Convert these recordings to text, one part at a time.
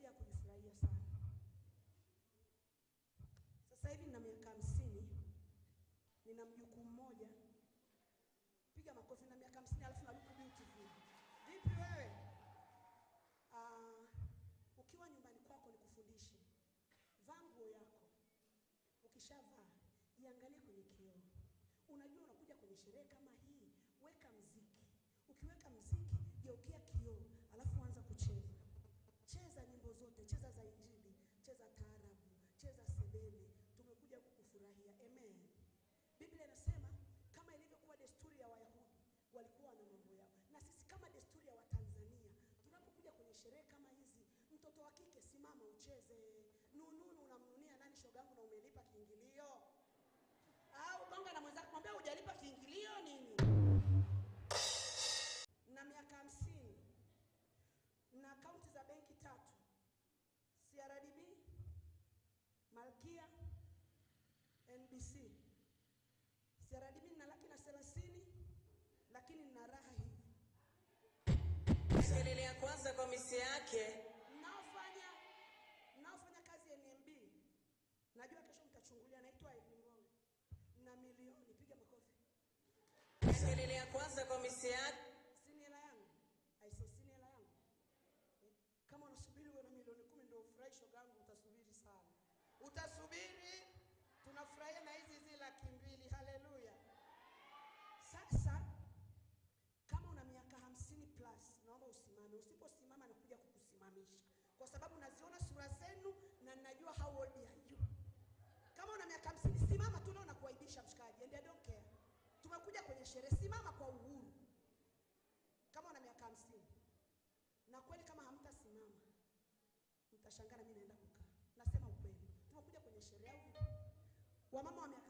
bila kujifurahia sana. Sasa hivi nina miaka hamsini, nina mjukuu mmoja. Piga makofi na miaka hamsini alafu na Luku Beautiful. Vipi wewe? Uh, ukiwa nyumbani kwako nikufundishe, vaa nguo yako, ukishavaa jiangalie kwenye kioo. Unajua unakuja kwenye sherehe kama sherehe kama hizi, mtoto wa kike simama ucheze. Nununu unamnunia nani shogangu, na umelipa kiingilio? Au ah, gonga na mwenzako mwambia hujalipa kiingilio nini? Na miaka hamsini na akaunti za benki tatu, CRDB, Malkia, NBC, CRDB promise yake. Mnaofanya mnaofanya kazi NMB, najua kesho mtachungulia. Naitwa Ngome na milioni, piga makofi. Kelele ya kwanza pamisi yake, si ni hela yangu? Aisee, si ni hela yangu? Eh, kama unasubiri uwe na milioni kumi ndio ufurahi, shogangu, utasubiri sana, utasubiri kwa sababu naziona sura zenu na ninajua how old are you. Kama una miaka 50 simama tu leo na mshikaji, and I don't care. Tumekuja kwenye sherehe, simama kwa uhuru. Kama una miaka 50 na kweli, kama hamtasimama mtashangaa, mimi naenda kukaa. Nasema ukweli, tumekuja kwenye sherehe au wamama wa miaka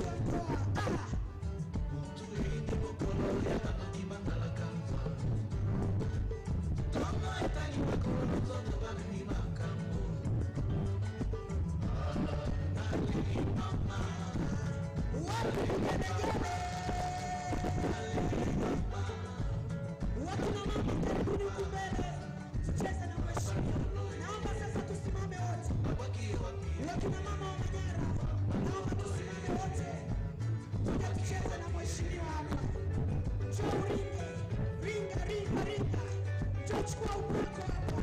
Touch my record.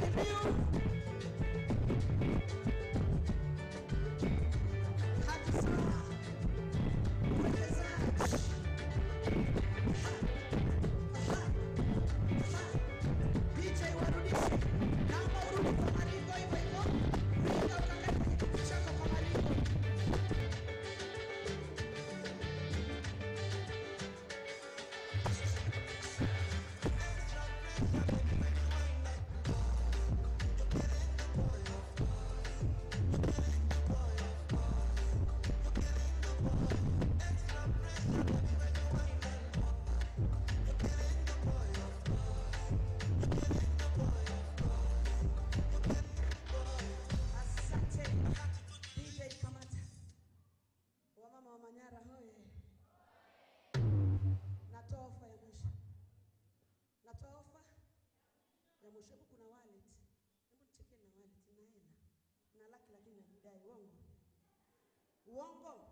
Thank you. Moshi, hebu kuna wallet. Hebu nicheke na wallet na hela. Na laki lakini najidai uongo. Uongo.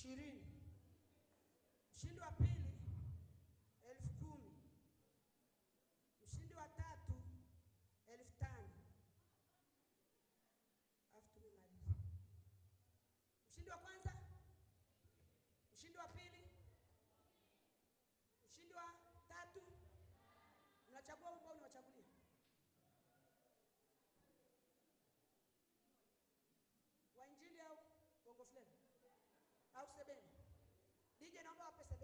ishirini. Mshindi wa pili elfu kumi. Mshindi wa tatu elfu tano. Mshindi wa kwanza, mshindi wa pili, mshindi wa tatu. Unachagua umbao unawachagulia wa Injili au Gince na mo apese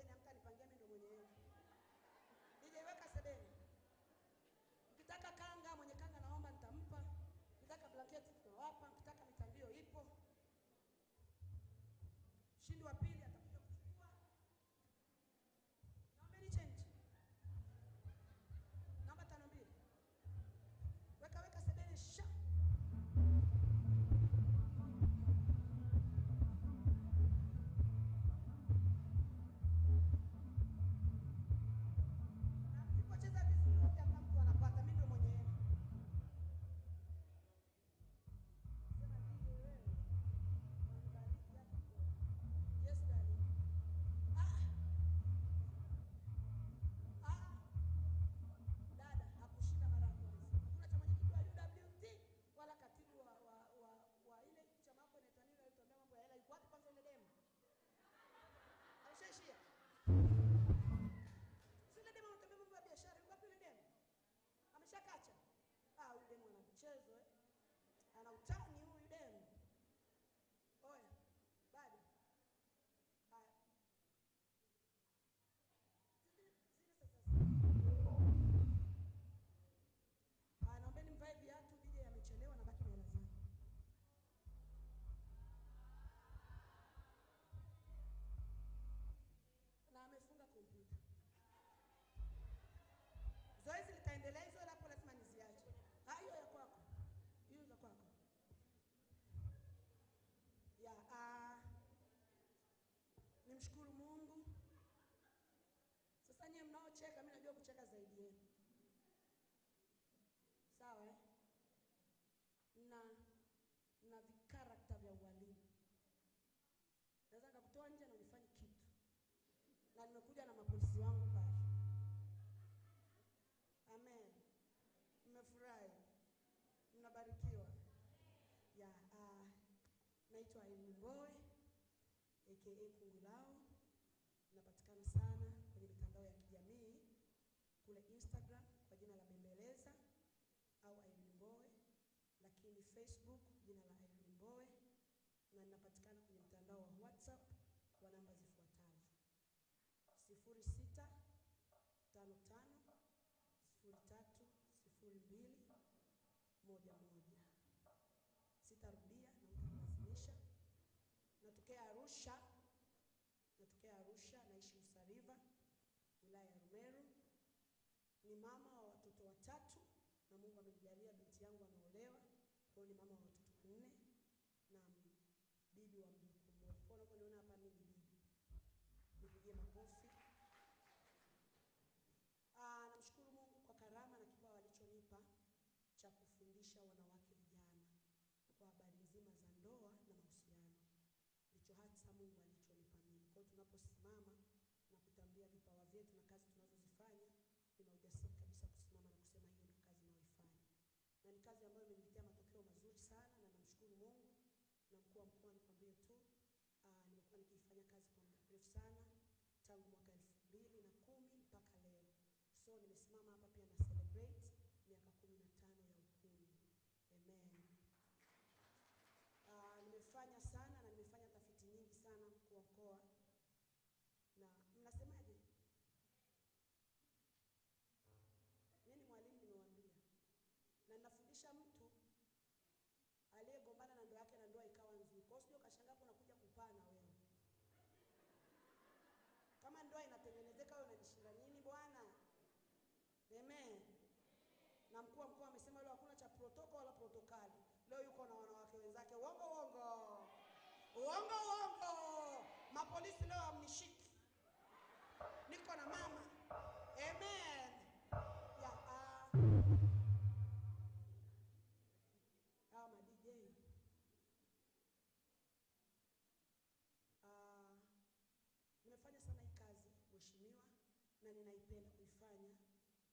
mnaocheka, mimi najua kucheka zaidi yenu, sawa eh? na na vikarakta vya ualimu, naweza nikakutoa nje na unifanye kitu, na nimekuja na mapolisi wangu pale. Amen, mmefurahi? Mnabarikiwa ya yeah. Uh, naitwa Aimboe aka Kungulao. jina la Irene Mbowe na ninapatikana kwenye mtandao wa WhatsApp kwa namba zifuatazo: 0655 0302 moja moja. Natokea Arusha, natokea Arusha, naishi Usariva, wilaya ya Rumeru. Ni mama wa watoto watatu, na Mungu amenijalia binti yangu ameolewa, kwa hiyo ni mama wa kuhamasisha wanawake vijana kwa habari nzima za ndoa na mahusiano. Ndicho hasa Mungu alichonipa mimi. Kwa hiyo tunaposimama na kutambia vipawa vyetu na kazi tunazozifanya, nina ujasiri kabisa kusimama na kusema hiyo ndio kazi ninayoifanya, na ni kazi ambayo imeniletea matokeo mazuri sana, na namshukuru Mungu na mkuu wa mkoa, nikwambie tu ah, nimekuwa nikiifanya kazi kwa muda mrefu sana tangu mwaka nimefanya sana na nimefanya tafiti nyingi sana kuokoa na mnasemaje? mi ni mwalimu, nimewambia na nafundisha mtu Uongo uongo, mapolisi leo amnishiki, niko na mama. Amen ah. ah, nimefanya sana hii kazi mheshimiwa, na ninaipenda kuifanya,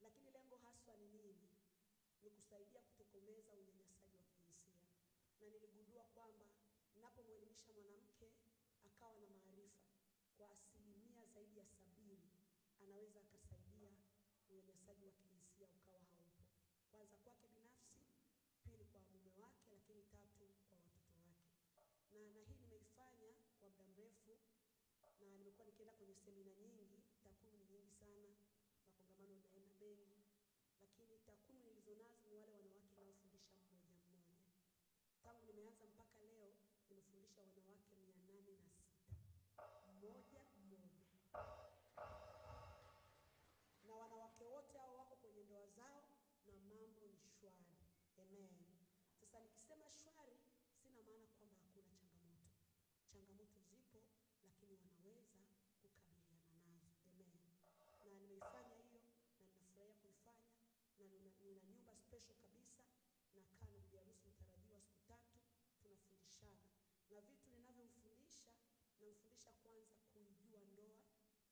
lakini lengo haswa ni nini? Ni kusaidia kutokomeza unyanyasaji wa kijinsia na niligundua unapomwelimisha mwanamke akawa na maarifa, kwa asilimia zaidi ya sabini anaweza akasaidia unyanyasaji wa kijinsia ukawa haupo, kwanza kwake binafsi, pili kwa mume wake, lakini tatu kwa watoto wake. Na, na hii nimeifanya kwa muda mrefu na nimekuwa nikienda kwenye semina nyingi, takwimu ni nyingi sana, makongamano naenda mengi, lakini takwimu nilizonazo ni wale wanawake wanaofundisha mmoja mmoja tangu nimeanza wanawake mia nane na sita mmoja mmoja, na wanawake wote hao wako kwenye ndoa zao na mambo ni shwari. Amen. Sasa nikisema shwari, sina maana kwamba hakuna changamoto. Changamoto zipo, lakini wanaweza kukabiliana nazo. Amen. Na nimeifanya hiyo na ninafurahia kuifanya na nina nyumba special kabisa, nakaa na bibi harusi mtarajiwa siku tatu, tunafundishana na vitu ninavyomfundisha, namfundisha kwanza kuijua ndoa,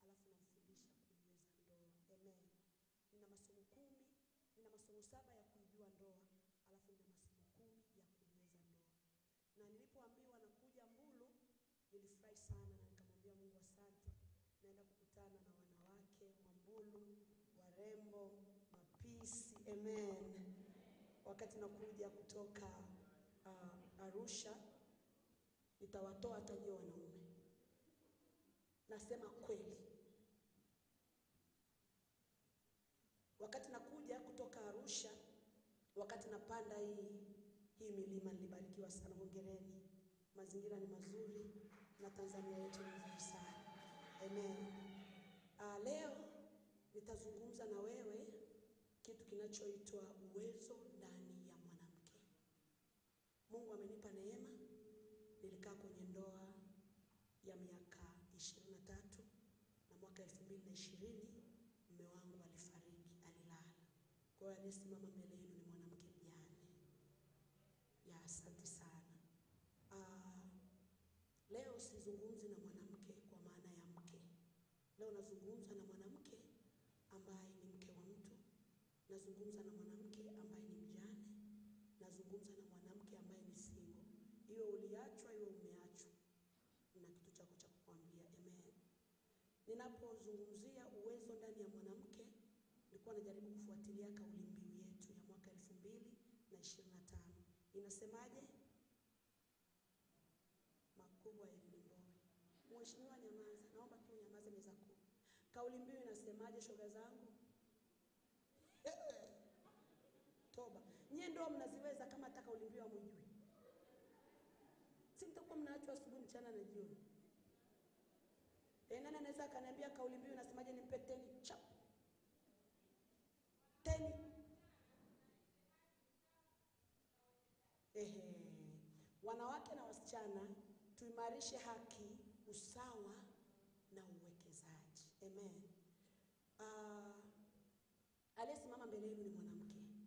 alafu namfundisha kuiweza ndoa. Amen. Nina masomo kumi, nina masomo saba ya kuijua ndoa, alafu nina masomo kumi ya kuiweza ndoa. Na nilipoambiwa nakuja Mbulu nilifurahi sana, na nikamwambia Mungu asante, naenda kukutana na wanawake mambulu warembo, mapisi. Amen. Wakati nakuja kutoka uh, Arusha nitawatoa hata nyie wanaume. Nasema kweli. Wakati nakuja kutoka Arusha, wakati napanda hii hii milima nilibarikiwa sana, hongereni. Mazingira ni mazuri na Tanzania yetu ni nzuri sana. Amen. Ah, leo nitazungumza na wewe kitu kinachoitwa uwezo anayesimama mbele yenu ni mwanamke mjane. Ya, asante sana. Uh, leo sizungumzi na mwanamke kwa maana ya mke. Leo nazungumza na mwanamke ambaye ni mke wa mtu, nazungumza na mwanamke ambaye ni mjane, nazungumza na mwanamke ambaye ni single. Iwe uliachwa iwe umeachwa, na kitu chako cha kukwambia. Amen. Ninapozungumzia uwezo ndani ya mwanamke, nilikuwa najaribu kufuatilia kauli ishirini na tano inasemaje? Makubwa yaliniboe. Mheshimiwa, nyamaza, naomba tu nyamaze, meza kuu. Kauli mbiu inasemaje, shoga zangu? Toba, nyie ndio mnaziweza. Kama hata kauli mbiu hamjui, si mtakuwa mnaachwa asubuhi, mchana na jioni. E, nani anaweza akaniambia kauli mbiu inasemaje? nimpeteni chap Wanawake na wasichana tuimarishe haki, usawa na uwekezaji. Amen. Uh, aliyesimama mbele yenu ni mwanamke,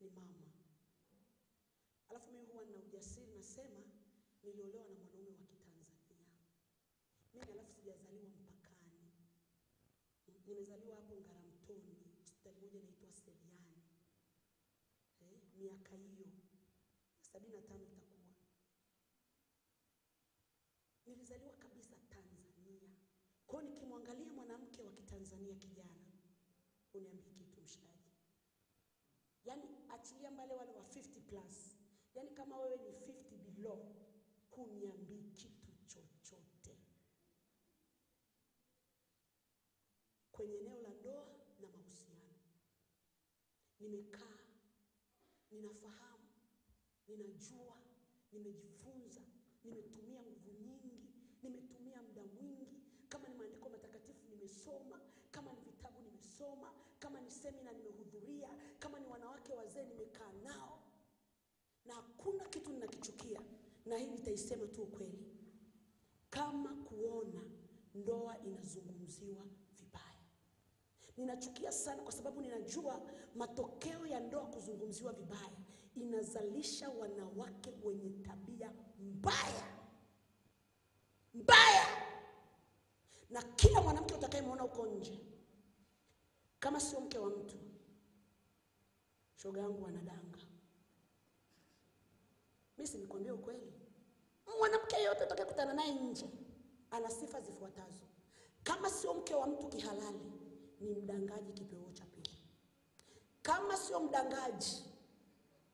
ni mama. Alafu mimi huwa nina ujasiri nasema niliolewa na uniambie kitu mshikaji. Yaani achilia mbali wale wa 50 plus. Yaani kama wewe ni 50 below huniambii kitu chochote kwenye eneo la ndoa na mahusiano. Nimekaa, ninafahamu, ninajua, nimejifunza, nimetumia nguvu nyingi, nimetumia muda mwingi. Kama ni maandiko matakatifu nimesoma, kama ni vitabu nimesoma, kama ni semina nimehudhuria, kama ni wanawake wazee nimekaa nao, na hakuna kitu ninakichukia, na hii nitaisema tu ukweli, kama kuona ndoa inazungumziwa vibaya. Ninachukia sana kwa sababu ninajua matokeo ya ndoa kuzungumziwa vibaya inazalisha wanawake wenye tabia mbaya mbaya, na kila mwanamke utakayemwona huko nje kama sio mke wa mtu, shoga yangu anadanga. Mimi sinikwambia ukweli, mwanamke yeyote utakayekutana naye nje ana sifa zifuatazo. Kama sio mke wa mtu kihalali, ni mdangaji, kipeo cha pili. Kama sio mdangaji,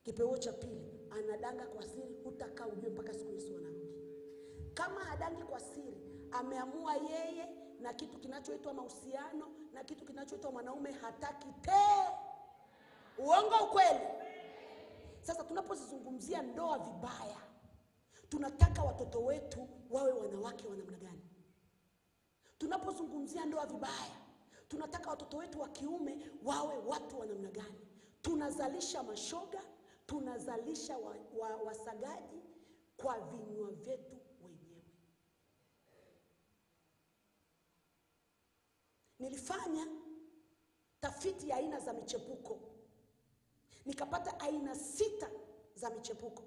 kipeo cha pili, anadanga kwa siri, hutakaa ujue mpaka siku Yesu anarudi. Kama hadangi kwa siri, ameamua yeye na kitu kinachoitwa mahusiano na kitu kinachoitwa mwanaume hataki tee. Uongo ukweli? Sasa tunapozizungumzia ndoa vibaya, tunataka watoto wetu wawe wanawake wa namna gani? Tunapozungumzia ndoa vibaya, tunataka watoto wetu wa kiume wawe watu wa namna gani? Tunazalisha mashoga, tunazalisha wasagaji wa, wa kwa vinywa vyetu Nilifanya tafiti ya aina za michepuko, nikapata aina sita za michepuko.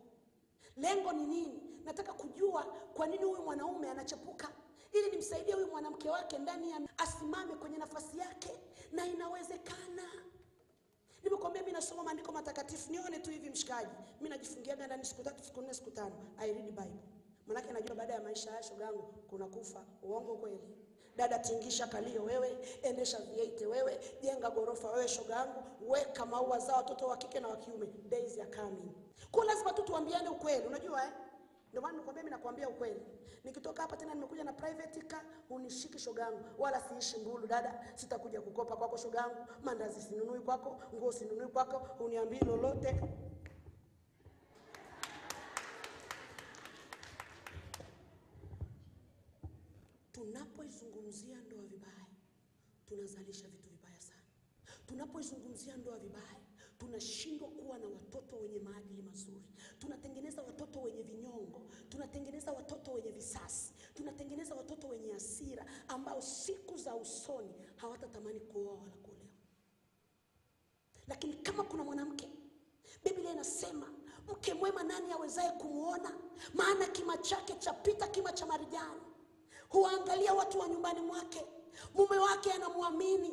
Lengo ni nini? Nataka kujua kwa nini huyu mwanaume anachepuka, ili nimsaidie huyu mwanamke wake ndani ya asimame kwenye nafasi yake, na inawezekana. Nimekwambia mimi nasoma maandiko matakatifu, nione tu hivi mshikaji. Mimi najifungiaga ndani siku tatu, siku nne, siku tano, I read Bible. manake najua baada ya maisha haya shogangu kuna kufa. Uongo kweli? Dada tingisha kalio wewe, endesha viete wewe, jenga gorofa wewe, shoga yangu, weka maua za watoto wa kike na wa kiume, days are coming. Kwa lazima tu tuambiane ukweli, unajua eh? Ndio maana nikwambia, mimi nakwambia ukweli. Nikitoka hapa tena nimekuja na private car, unishiki shogangu, wala siishi Mbulu dada, sitakuja kukopa kwako shogangu, mandazi sinunui kwako, nguo sinunui kwako, uniambii lolote. tunapoizungumzia ndoa vibaya tunazalisha vitu vibaya sana. Tunapoizungumzia ndoa vibaya, tunashindwa kuwa na watoto wenye maadili mazuri. Tunatengeneza watoto wenye vinyongo, tunatengeneza watoto wenye visasi, tunatengeneza watoto wenye asira ambao siku za usoni hawatatamani kuoa wala kuolewa. Lakini kama kuna mwanamke Biblia inasema mke mwema nani awezaye kumwona? Maana kima chake chapita kima cha marijani huwaangalia watu wa nyumbani mwake, mume wake anamwamini